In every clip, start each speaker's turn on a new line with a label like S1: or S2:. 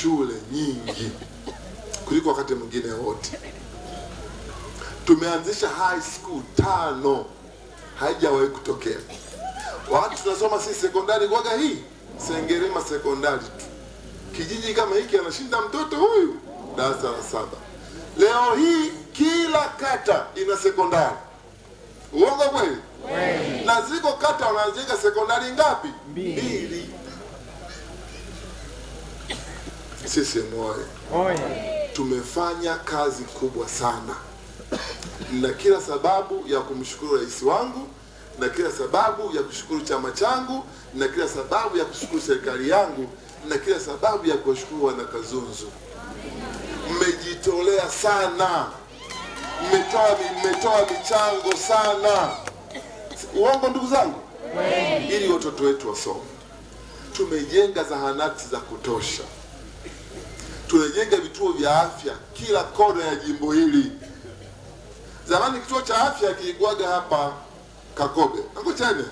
S1: shule nyingi kuliko wakati mwingine wote. Tumeanzisha high school tano, haijawahi kutokea. Wakati tunasoma sisi sekondari kwaga hii Sengerema sekondari tu, kijiji kama hiki anashinda mtoto huyu darasa la saba. Leo hii kila kata ina sekondari, uongo kweli? Na ziko kata wanajenga sekondari ngapi?
S2: Mbili.
S1: Sisiemu
S3: oye!
S1: Tumefanya kazi kubwa sana na kila sababu ya kumshukuru rais wangu na kila sababu ya kushukuru chama changu na kila sababu ya kushukuru serikali yangu na kila sababu ya kuwashukuru wanakazunzu. Mmejitolea sana, mmetoa mmetoa michango sana, uongo ndugu zangu, ili watoto wetu wasome. Tumejenga zahanati za kutosha tunajenga vituo vya afya kila kona ya jimbo hili. Zamani kituo cha afya kiigwaga hapa Kakobe Angochane,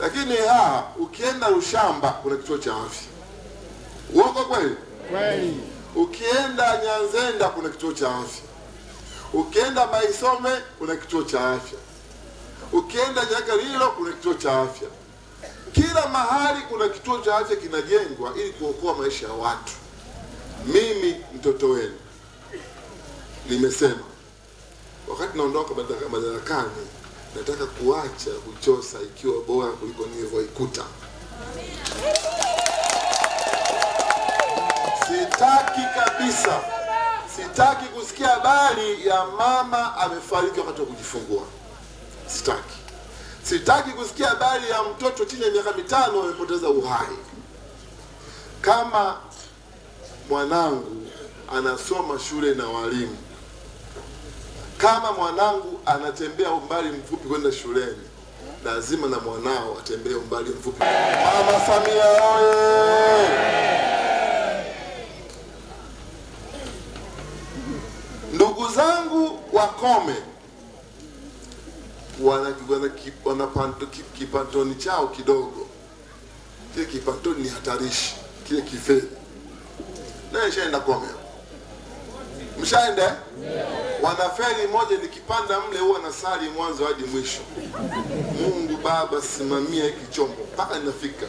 S1: lakini haa, ukienda Ushamba kuna kituo cha afya. Uongo kweli? Kweli. Ukienda Nyanzenda kuna kituo cha afya, ukienda Maisome kuna kituo cha afya, ukienda nyakalilo kuna kituo cha afya. Kila mahali kuna kituo cha afya kinajengwa ili kuokoa maisha ya watu mimi mtoto wenu limesema wakati naondoka madarakani, nataka kuacha kuchosa ikiwa bora kuliko nilivyoikuta. Sitaki kabisa, sitaki kusikia habari ya mama amefariki wakati wa kujifungua. Sitaki, sitaki kusikia habari ya mtoto chini ya miaka mitano amepoteza uhai kama mwanangu anasoma shule na walimu, kama mwanangu anatembea umbali mfupi kwenda shuleni, lazima na mwanao atembee umbali mfupi. Mama Samia oye! Ndugu zangu Wakome wana kipantoni chao kidogo, kile kipantoni ni hatarishi, kile kifedha leo ishaenda kome, mshaenda Wanaferi moja nikipanda mle huwa nasali mwanzo hadi mwisho. Mungu Baba, simamia hiki chombo mpaka inafika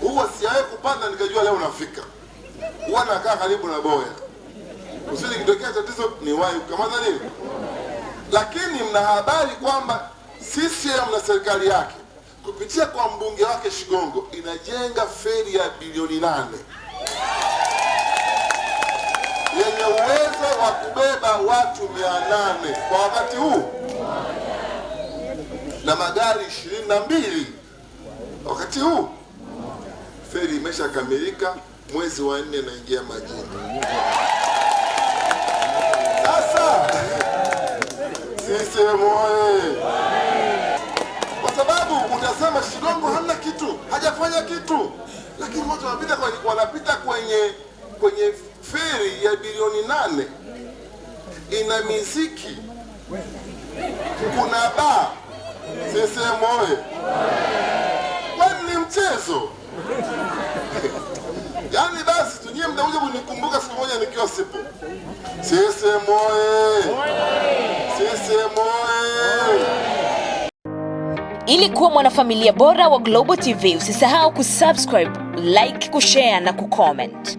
S1: Huwa siawe kupanda nikajua leo nafika, huwa nakaa karibu na boya usi kitokea tatizo ni wai kukamata nini. Lakini mna habari kwamba CCM na serikali yake kupitia kwa mbunge wake Shigongo inajenga feri ya bilioni nane yenye uwezo wa kubeba watu 800 kwa wakati huu na magari ishirini na mbili wakati huu. Feri imeshakamilika, mwezi wa nne naingia majini. Sasa sisemu oye! Kwa sababu utasema Shigongo hamna kitu, hajafanya kitu, lakini watu wanapita kwenye kwenye feri ya bilioni nane ina miziki, kuna baa sisiemuoye, kwani ni mchezo? Yaani basi tunyie mtakuja kunikumbuka siku moja nikiwa sipo. CCM oye! CCM oye! Ili kuwa mwanafamilia bora wa Global TV, usisahau kusubscribe, like, kushare na kucomment.